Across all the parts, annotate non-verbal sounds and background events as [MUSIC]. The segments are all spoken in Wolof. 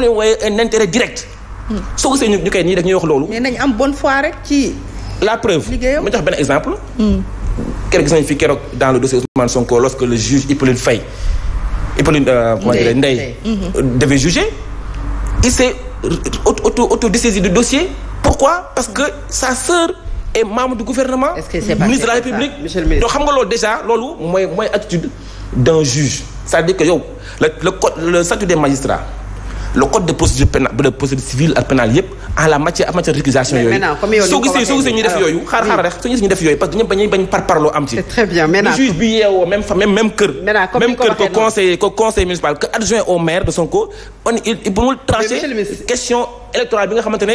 loolu waaye un intérêt direct. Hmm. soo gisee ñu ñu nii rek ñuy wax loolu. mais nañ am bon fois rek ci. la preuve ma jox benn exemple. Hmm. keroog fi keroog dans le dossier Ousmane Sonko lorsque le juge Hippolyte Faye Hippolyte euh, comment dire Ndeye hmm. devait juger il s'est auto autodésaisi de dossier pourquoi parce que sa sœur et membre du gouvernement ministre de la République donc xam nga loolu déjà loolu mooy mooy attitude d'un juge c'est-à-dire que yow le le code le statut des le code de procédure pénale de procédure civile ak pénale yépp en matière en matière de yooyu soo gisee soo gisee ñu def yooyu xaar xaar rek soo gisee def yooyu parce par parloo am ci très bien bi yeewoo même fa kër même kër que conseiller que conseiller municipal que adjoint au maire de Sonko on il pour mu trancher question électorale bi nga xamante ne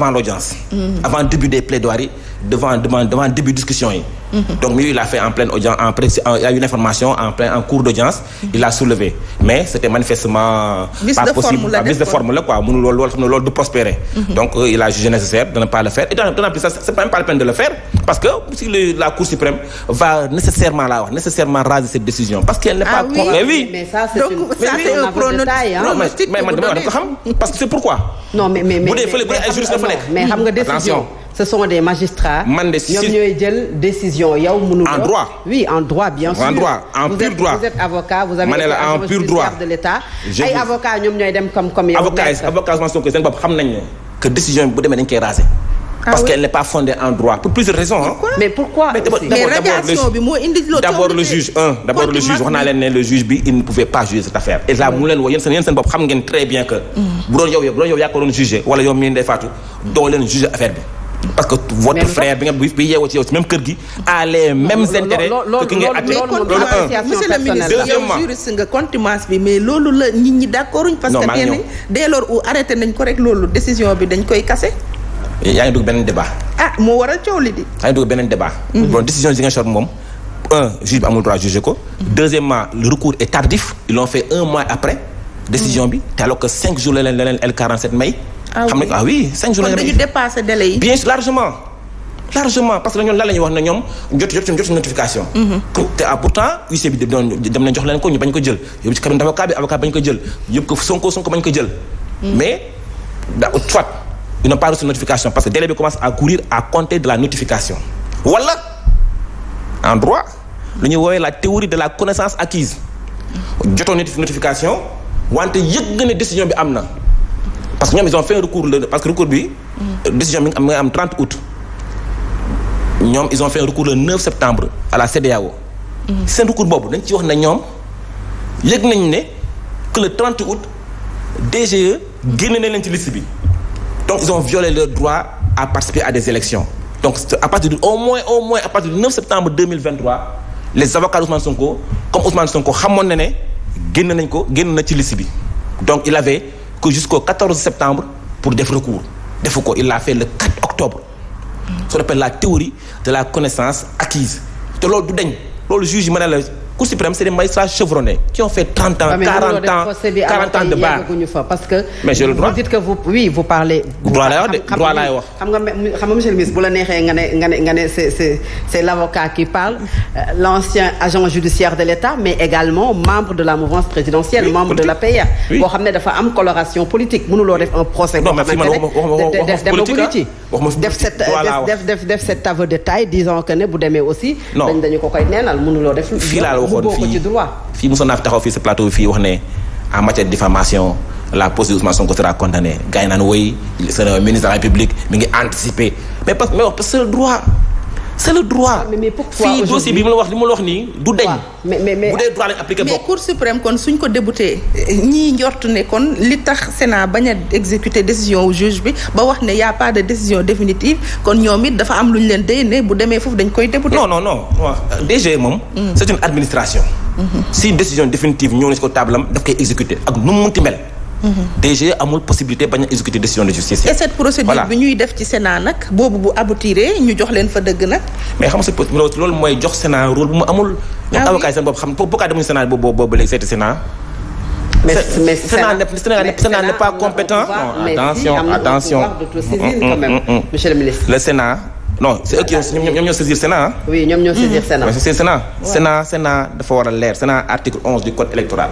avant l'audience mhm. avant début des plaidoiries devant début discussion yi mhm. donc lui il a fait en pleine audience en plein cours d'audience mhm. il a soulevé mais c'était manifestement pas possible ah, vice de forme la quoi mënu loolu loolu xam prospérer donc euh, il a jugé nécessaire de ne pas le faire et d'autant plus pas la peine de le faire parce que si le, la Cour suprême va nécessairement la wax nécessairement raser cette décision parce qu'elle n'est pas ah oui, mais oui mais ça c'est un pronostic non mais man dama ko xam parce que c'est pourquoi non mais mais bu dee fële bu dee ay juriste dafa nekk mais xam nga décision ce sont des magistrats. man de si ñoom ñooy jël décision yow. mënuloo en droit oui en droit bien sûr. en droit en vous pur êtes, droit vous êtes avocat vous avez. ma ne la en pur droit de l'État. ay avocats ñoom ñooy dem comme comme yow. avocats yi avocats yi Ousmane Sonko seen bopp xam nañ ne que décision bi bu demee dañ koy raser. Ah parce oui. qu'elle n'est pas fondée en droit pour plusieurs raisons. Pourquoi? mais pourquoi mais radiation bi le juge un le juge wax naa leen le juge bi il ne pouvait pas juger cette affaire. et là mu leen woo seen bopp xam ngeen très bien que. bu doon yow bu ko doon jugé wala yow mii day faatu doo leen juger affaire bi. parce que votre frère bi nga bi yeewoo ci yow ci même kër gi. a les mêmes intérêts que ki ngay attiré loolu un monsieur le ministre yow juriste nga contumace yaa ngi dugg beneen débat. ah moo waral coow li di. yaa ngi dugg beneen débat. Mhm. bon décision Ziguinchor moom un juge bi amul droit juger ko. Mhm. deuxièmement le recours est tardif. ils l'ont fait un mois après. décision mhm. bi te alors que largement. largement parce que ñoom lan wax ne ñoom jot jot notification. te ah pourtant huissier bi dem nañ jox leen ko ñu bañ ko jël yóbbu ci cabinet d'avocat bi avocat bañ ko jël yóbbu ko Sonko Sonko bañ ko jël. mais da soit. ils n'ont pas reçu notification parce que délai bi commence à courir à compter de la notification wala en droit lu ñuy woowee la théorie de la connaissance acquise jotoon notification wante yëg ne décision bi am na parce que ñoom ils ont fait recours le parce que recours bi décision am 30 août ñoom ils ont fait recours le septembre à la CEDEAO seen recours boobu dañ ci wax na ñoom yëg nañ ne que le 30 août DGE génne ne leen ci liste bi donc ils ont violé leur droit à participer à des élections donc à partir du au moins au moins à partir du septembre les avocats d'Ousmane Sonko comme Ousmane Sonko xamoon na ne génn nañ ko génn na ci liste bi donc il avait que jusqu'au septembre pour def recours defu ko il l'a fait le 4 octobre ce qu'on appelle la théorie de la connaissance acquise te loolu du deñ loolu juge yi Cour suprême c'est des magistrats chevronnés qui ont fait 30 ans, ah, 40 ans, 40 ans de bar. parce que mais j'ai le droit. vous dites que vous oui vous parlez. droit laay wax de droit laay wax. xam nga xam nga monsieur le ministre bu la neexee nga ne nga ne nga ne c'est c'est c'est l'avocat qui parle euh, l'ancien agent judiciaire de l'État mais également membre de la mouvance présidentielle membre de l'APR. boo xam ne dafa am coloration politique mënuloo def un procès. boo xamante ne de de de ah. wax ma fi droit. fii mosoon naa fi taxaw fii si plateau bi wax ne en matière diffamation la pose de Ousmane Sonko sera condamnée gars naan woy ministre de République mi ngi anticiper mais parce mais wax parce droit. c'est le droit. mais mais pourquoi fii dossier bi ma la wax li ma la wax nii du deñ. mais mais mais bu dee droit lañ appliqué mais cour suprême kon suñ ko débouté ñii njort ne kon li tax Sénat bañ a exécuter décision wu juge bi ba wax ne y a pas de décision définitive kon ñoom it dafa am lu ñu leen day ne bu demee foofu dañ koy débouté. non non non waaw DG moom. Mm. c'est administration. Mm-hmm. si décision définitive ñoo ne si ko taabalam daf koy exécuter ak nu mu munti mel. DG amul possibilité bañ a exécuter décision de justice. et cette procédure bi ñuy def ci Sénat nag boobu bu aboutiré ñu jox leen fa dëgg nag. mais xam nga loolu mooy jox Sénat rôle bu mu amul. Ah ñoom avocat yi seen bopp mais mais Sénat Sénat n'est pas mm, mm, mm, le ministre. le Sénat. non c'est eux qui ñoom dafa war a leer Sénat article 11 du code électoral.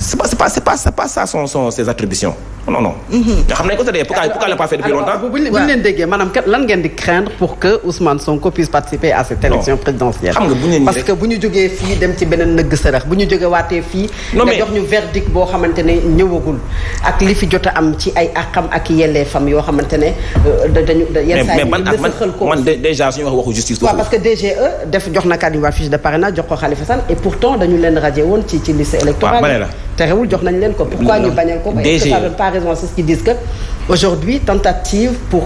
c'est pas c'est pas c'est pas c'est pas ça son son ses attributions non non. Mhm. nga xam nañ ko tëddee pourquoi pourquoi l'a pas fait depuis longtemps. bu bu ñu leen déggee maanaam kat lan ngeen di craindre pour que Ousmane Sonko puisse participer à cette élection présidentielle. xam nga bu ñu parce que bu ñu jógee fii dem ci beneen nëgg sërëx bu ñu jógee waatee fii. non mais jox ñu verdict boo xamante ne ñëwagul ak li fi jot a am ci ay àqam ak yelleefam yoo xamante ne euh, dañu. yenn saa yi ñu nësëxal ko mais man déjà suñu wax waxu justice. waaw parce que DGE def jox na Karim Wade fiche de parrainage jox ko Khalifa Sall et pourtant dañu leen radié woon ci ci liste électorale terewul jox nañ leen ko. ko. DG est-ce que ça donne pas raison c'est pour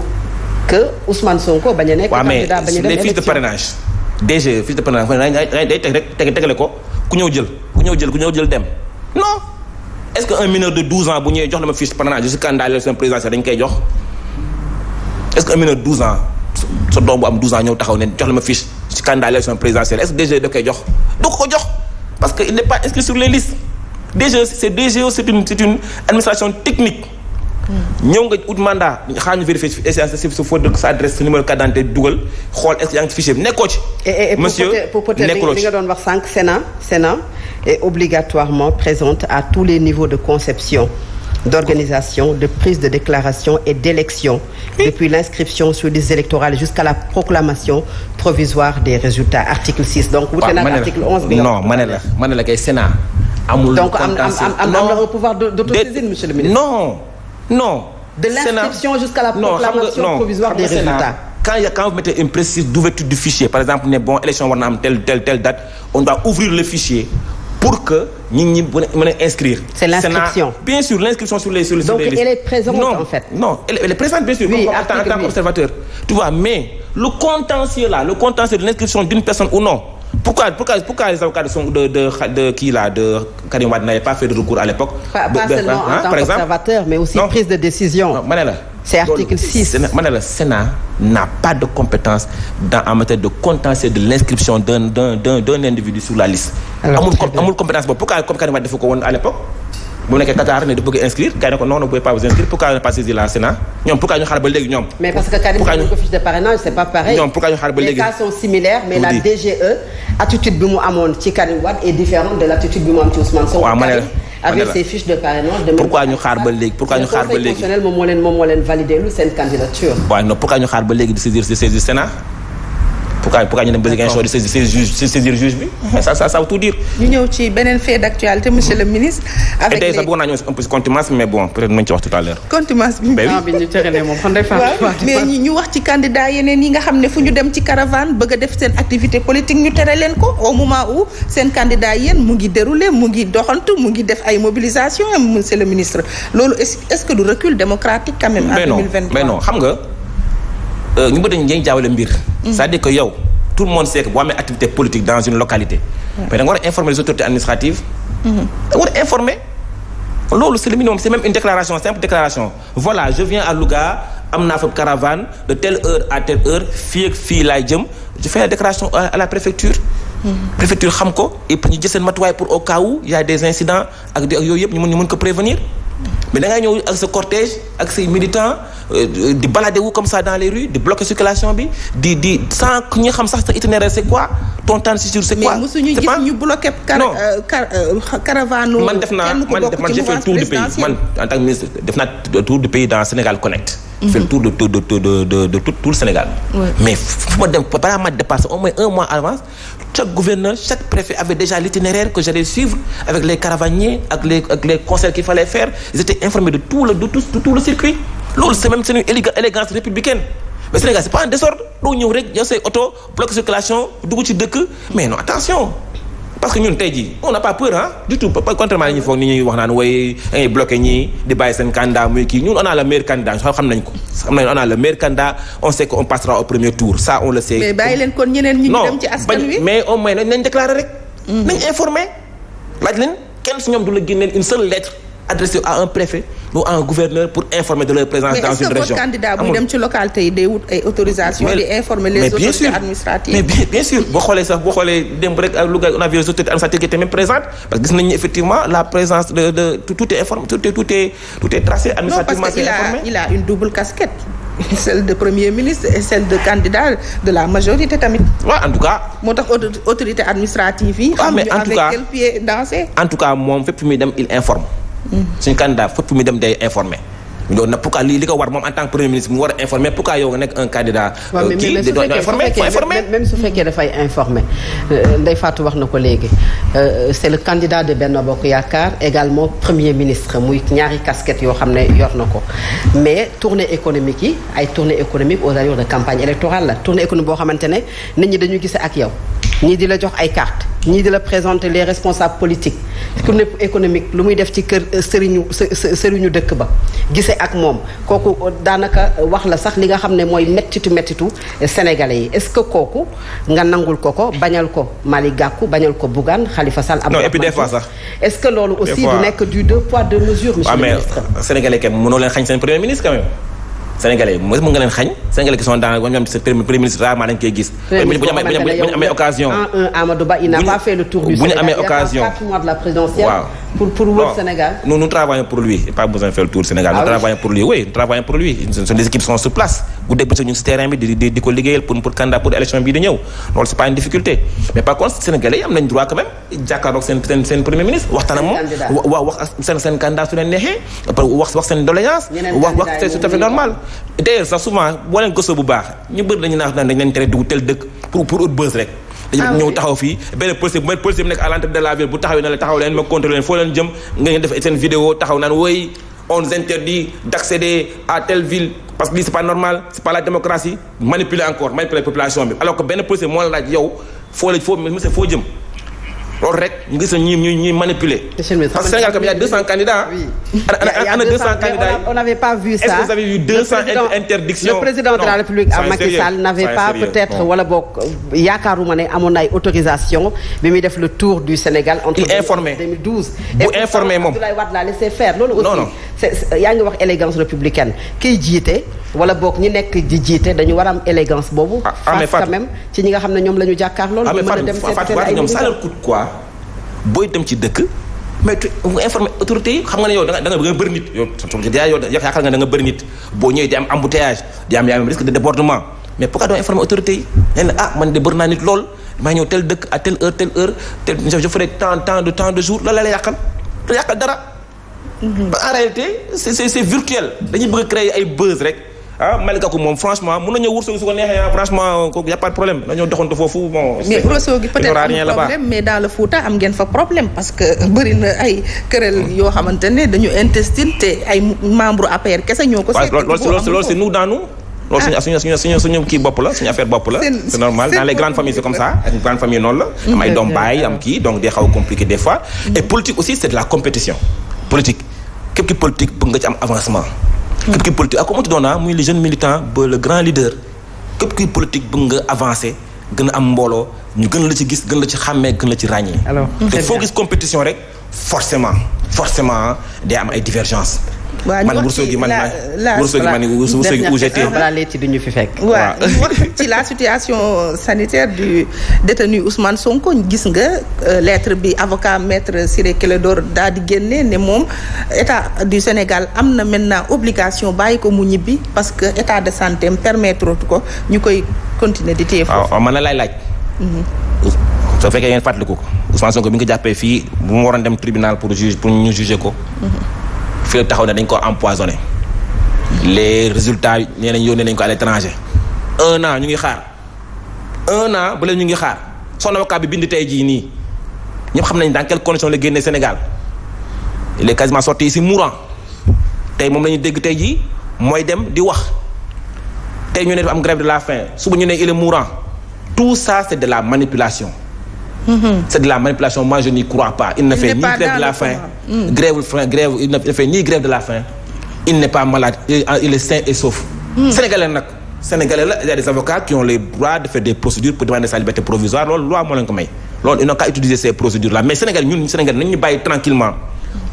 que Ousmane Sonko bañ a nekk. candidat bañ de parrainage. DG fiche de parrainage day ko ku ñëw jël ku ñëw jël ku ñëw jël dem non est-ce que un mineur de 12 ans bu ñëwee jox la ma fiche de parrainage je suis candidat à l'élection présidentielle dañ koy jox est-ce que un mineur de 12 ans sa doom bu am ñëw taxaw ne jox la ma fiche. ci candidat à l'élection présidentielle est-ce que DG ko jox parce que il n'est pas inscrit sur les listes DGE c'est DGE c'est une administration technique. ñëw nga ut mandat xaar ñu vérifier échéance si foo dëkk adresse numéro carte dugal xool est-ce que nekkoo ci. monsieur nekkuloo nga doon wax sànq Sénat Sénat est obligatoirement présente à tous les niveaux de conception. d'organisation, de prise de déclaration et d'élection, oui. depuis l'inscription sur les électorales jusqu'à la proclamation provisoire des résultats. Article 6. non ma ne la ma amul donc am am na un pouvoir monsieur le ministre. non non. de l'inscription jusqu'à la proclamation provisoire des résultats. quand y a quand vous mettez une précision d'ouverture du fichier par exemple ne bon élection war na am telle date on doit ouvrir le fichier pour que ñi ñi mën a inscrire. c'est sur les sur bien sûr. oui en tant qu'observateur. mais le contentieux là le contentieux de l'inscription d'une personne ou non. pourquoi pourquoi pourquoi les avocats de son de de de kii là de Karim Wade n'avaient pas fait de recours à l'époque pas, pas seulement en tant qu'observateur mais aussi prise de décision non ma la c'est article 6 ma ne la n'a pas de compétence dans en matière de contentieux de l'inscription d'un d'un d'un individu sur la liste amul compétence boobu pourquoi comme Karim Wade dafa ko woon à l'époque bu nekkee Qatar ne dafa inscrire kay ne non non vous pas vous inscrire pourquoi ne pas saisir la Sénat ñoom pourquoi ñu xaar ba léegi ñoom. mais parce que Karim ñu ko e, mu différente de l'attitude bi mu am ci Ousmane Sonko. waaw ma ne avec ses fiches de parrainage. de pourquoi ñu xaar ba léegi pourquoi ñu xaar ba léegi. conseil constitutionnel moom moo leen moom moo leen validé lu seen candidature. waaw non pourquoi xaar ba léegi di saisir pourquoi pourquoi ñu dem ba Ziguinchor di saisir juge bi mais mhm. ça ça ça veut tout dire ñu ñëw ci beneen fait d'actualité wax ñu cërale ci candidat yeneen yi nga xam ne fu ñu dem ci caravane bëgg a def seen activité politique ñu tere leen ko au moment où seen candidat yéen mu ngi dérouler mu ngi doxantu mu ngi def ay mobilisation monsieur le ministre loolu est-ce que du recul démocratique quand même en 2023 mais non mais non xam nga euh, ñu bëgg dañu jaawale mbir mhm. cest à yow tout le monde sait boo amee activité politique dans une localité. mais da nga war a informer les autorités administratives. Mhm. da war a informer. loolu c'est le minimum c'est même une déclaration simple déclaration voilà je viens à Louga am naa fa caravane de telle heure à telle heure fii ak fii laay jëm je fais la déclaration à la préfecture. Mhm. préfecture xam ko et puis ñu jël seen matuwaay pour au cas où il y a des incidents ak yooyu yëpp ñu mën ñu mën ko prévenir. mais da ngay ñëw ak sa cortège ak say militants euh, di balader wu comme ça dans les rues di bloquer circulation bi di di sans que ñu xam sax sa itinéraire c'est quoi ton temps de séjour c'est quoi. c'est pas mais gis ñu bloquer. non euh, euh, man def naa man man j'ai fait tour du pays man en tant que ministre def naa tour du pays dans Sénégal Connect. fait le tour de de de de de tout le Sénégal. mais fu ma dem balaa ma dépassé au moins un mois avance chaque gouverneur chaque préfet avait déjà l'itinéraire que j'allais suivre avec les caravaniers ak les ak qu'il fallait faire ils étaient informés de tout le circuit loolu c'est même c'est une élégance républicaine. mais Sénégal c'est pas un désordre doo ñëw rek yow say oto bloc circulation dugg ci dëkk mais non attention. parce que ñun tey jii on n'a pas peur ah du tout contrairement ñu foog ni ñuy wax naan way ay bloqué ñii di bàyyi seen candidat muy kii ñun on a le meilleur on a on passera au premier tour ça on le sait. bàyyi leen kon ñeneen ñi dem ci askan wi mais au moins nañ déclarer rek. Mhm. nañ informer laaj leen kenn si ñoom du la génneel une seule lettre. adressé à un préfet ou à un gouverneur pour informer de leur présence dans localité yi day wut informer les autorités administratives. mais bien bien sûr boo xoolee sax boo xoolee dem rek ak Louga on a vu les autorités administratives qui étaient même présentes parce que gis nañu effectivement la présence de de tout parce que a il a une double casquette. [LAUGHS] celle de premier ministre et celle de candidat de la majorité tamit. waaw en tout cas. moo tax autorité administrative yi. waaw ah, mais en tout cas avec quel pied danser. moom fépp muy dem il suñu candidat fépp mi dem day informé. loolu nag pourquoi lii li ko war moom en tant que premier ministre mu a informer pourquoi yow euh, su fekkee dafay informé euh, Ndeye Fatou wax na ko léegi euh, c'est le candidat de Benno Bokk Yaakaar également premier ministre muy ñaari casquette yoo xam ne yor na ko mais tournée économique yi ay tournée économique aux allures de campagne électorale la tournée économique boo xamante ne nit ñi dañu gise ak yow ñii di la jox ay carte ñii di la présenter les responsables politiques tournée économique lu muy def ci kër euh, sëriñu sëriñu dëkk ba gise ak moom kooku euh, daanaka euh, wax la sax li nga xam ne mooy mettitu mettitu sénégalais yi est-ce que kooku nga nangul ko ko bañal ko Malick Gakou bañal ko Bougane Khalifa Sall am non et puis des fois sax est-ce que loolu aussi du nekk du deux poids deux mesures monsieur ah, le ministre sénégalais leen xañ seen premier ministre quand même sénégalais mën nga leen xañ Sénégalais qui sont dans ñoom ñoom premier ministre rarement dañ koy gis. bu ñu amee occasion. en un occasion quatre mois pour lui pas besoin de le tour Sénégal. Ah nous travaillons pour lui oui nous travaillons pour lui. les équipes sont sur place bu dee ñu ngi si di ko liggéeyal pour pour pour élection bii di ñëw loolu c'est pas une difficulté mais par contre Sénégalais yi nañ droit quand même jàkkaarloog premier ministre waxtaan moom wax wax leen gëstu bu baax ñu bëri dañu naan dañ leen tere dugg tel dëkk pour pour ut bës rek. dañu ah ñëw taxaw fii benn policier bu nekk à l'entrée de la ville bu taxawee na leen ma contrôler foo leen jëm nga ngeen def seen vidéo taxaw naan woy on interdit d'accéder à telle parce que c'est pas normal c'est pas la démocratie manipuler encore manipuler population bi alors que benn policier moo la laaj yow foo la foo monsieur foo jëm loolu rek ñu gis ñi ñuy ñuy manipuler. parce que Sénégal kam y' a 200 candidats. oui ana 200 on n'avait pas vu ça le président de la République à Macky n'avait pas peut-être wala boog euh, yaakaaruma ne amoon na ay autorisation bi muy def le tour du Sénégal. entre 2012 il informé bu informé moom Abdoulaye Wade yaa ngi wax élégance républicaine kiy jiite wala boog ñi nekk jiite dañu war a am élégance boobu. Ah, ah, face quand ci ñi nga xam ne ñoom la ñu jàkkaar loolu. Ah, ñu mën a dem seet ay ñoom ça leur coûte quoi booy nga ne yow da nit boo ñëwee di am embouteillage di am yaa am risque de débordement naa nit lool maa ñëw tel dëkk à telle heure telle heure tel je de temps de jour loolu yàqal dara Mhm. en réalité c'est c'est c'est virtuel dañuy bëgg a créer ay buzz rek ah Malika ko moom franchement mun na ñëw wërsëg su ko neexee ah, franchement kooku y' a pas de problème dañoo doxantu foofu bon. Mm. dañu intestine te ay membre APR kese ñoo ko. seet loolu c'est comme ça une grande famille noonu la. am ay doom baay am kii donc day xaw a compliqué des fois. et mm. politique aussi c'est de la compétition. politique képp ki politique bëgg nga ci am avancement. képp ki politique ak ko mënti doon ah, muy le jeune militant ba le grand leader képp ki politique bëgg nga avancer gën a am mbooloo ñu gën la ci gis gën la ci xàmmee gën la ci ràññee. alors te foo gis compétition rek forcément forcément ah, day am ay divergence man wurso gi man ma wurso gi man wurso fi fekk. waaw ci la situation sanitaire du détenu Ousmane Sonko gis nga euh, lettre bi avocat maître Ciré Clédor daal di génne ne moom état du Sénégal am na maintenant obligation bàyyi ko mu ñibbi parce que état de santé am permettre ko ñu koy continuer di téye foofu. man la lay laaj. Mhm. soo fekkee ngeen fàttaliku ko Ousmane Sonko bi nga jàppee fii bu mu waroon dem tribunal pour juge pour ñu juger ko. Mhm. Philippe taxaw ne dañ ko empoisonné les résultats nee nañ yónnee nañ ko à l'étranger un an ñu ngi xaar un an ba ñu ngi xaar son avocat bi bind tey jii nii ñëpp xam nañ dans quelles conditions la génnee Sénégal il est quasiment sorti ici mourant tey moom la dégg tey jii mooy dem di wax tey ñu ne dafa am grève de la fin suba ñu ne il mourant tout ça c'est de la manipulation Mhm. c'est de la manipulation moi je n'y crois pas il ne fait ni mhm. grève de la faim grève grève il ne fait ni grève de la faim il n'est pas malade il ah, est sain et sauf mhm. sénégalais nag sénégalais la il y a des avocats qui ont les droits de faire des procédures pour demander sa liberté provisoire loolu loi moo leen ko may loolu ils n'ont qu'à utiliser ces procédures là mais sénégalais ñun sénégalais nañu bàyyi tranquillement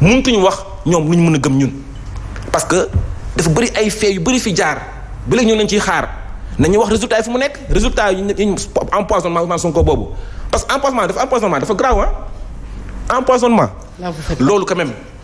mëntuñu wax ñoom lu ñu mën a gëm ñun parce que dafa bëri ay fee yu bëri fi jaar ba léegi ñun lañ ciy xaar nañu wax résultat yi fu mu nekk résultat yi empoisonnement Ousmane Sonko boobu parce que empoisonnement dafa empoisonnement dafa grave ah loolu quand même.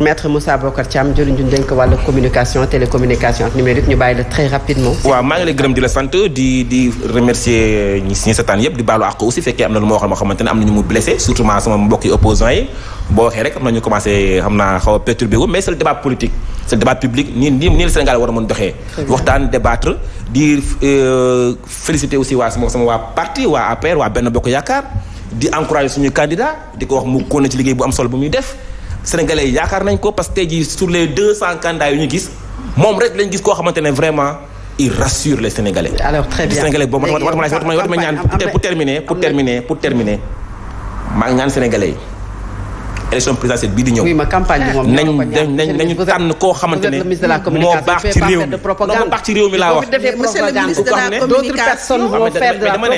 maître Moussa Bocar Thiam jëriñ ñu dénk wàllu communication télécommunication ak numérique ñu maa ngi lay gërëm di la sant di di ñi si seetaan yëpp di baalu àq aussi fekkee am na lu ma waxoon ma xamante am na ñu mu blessé surtout ma sama mbokki opposants yi boo waxee rek am na ñu commencé xam naa xaw a perturbé wu mais c'est le débat politique c'est le débat nii nii Sénégal war a mën doxee. waxtaan débattre di euh, féliciter aussi waa sama sama waa parti waa APR waa Benno Bokk Yaakaar di encourager suñu candidat di ko wax mu kóol na ci liggéey bu solo bu muy def. sénégalais yi yaakaar nañ ko parce que tey jii sur les deux cent candidats yu ñu gis moom rek lañ gis koo xamante ne vraiment il rassure les sénégalais. alors très boobu man man man man ñaan yi. élection présidentielle bii di bi moom ñoo nañ nañu tànn koo xamante moo baax ci réew mi moo baax ci réew mi laa wax. monsieur le ministre de la communication.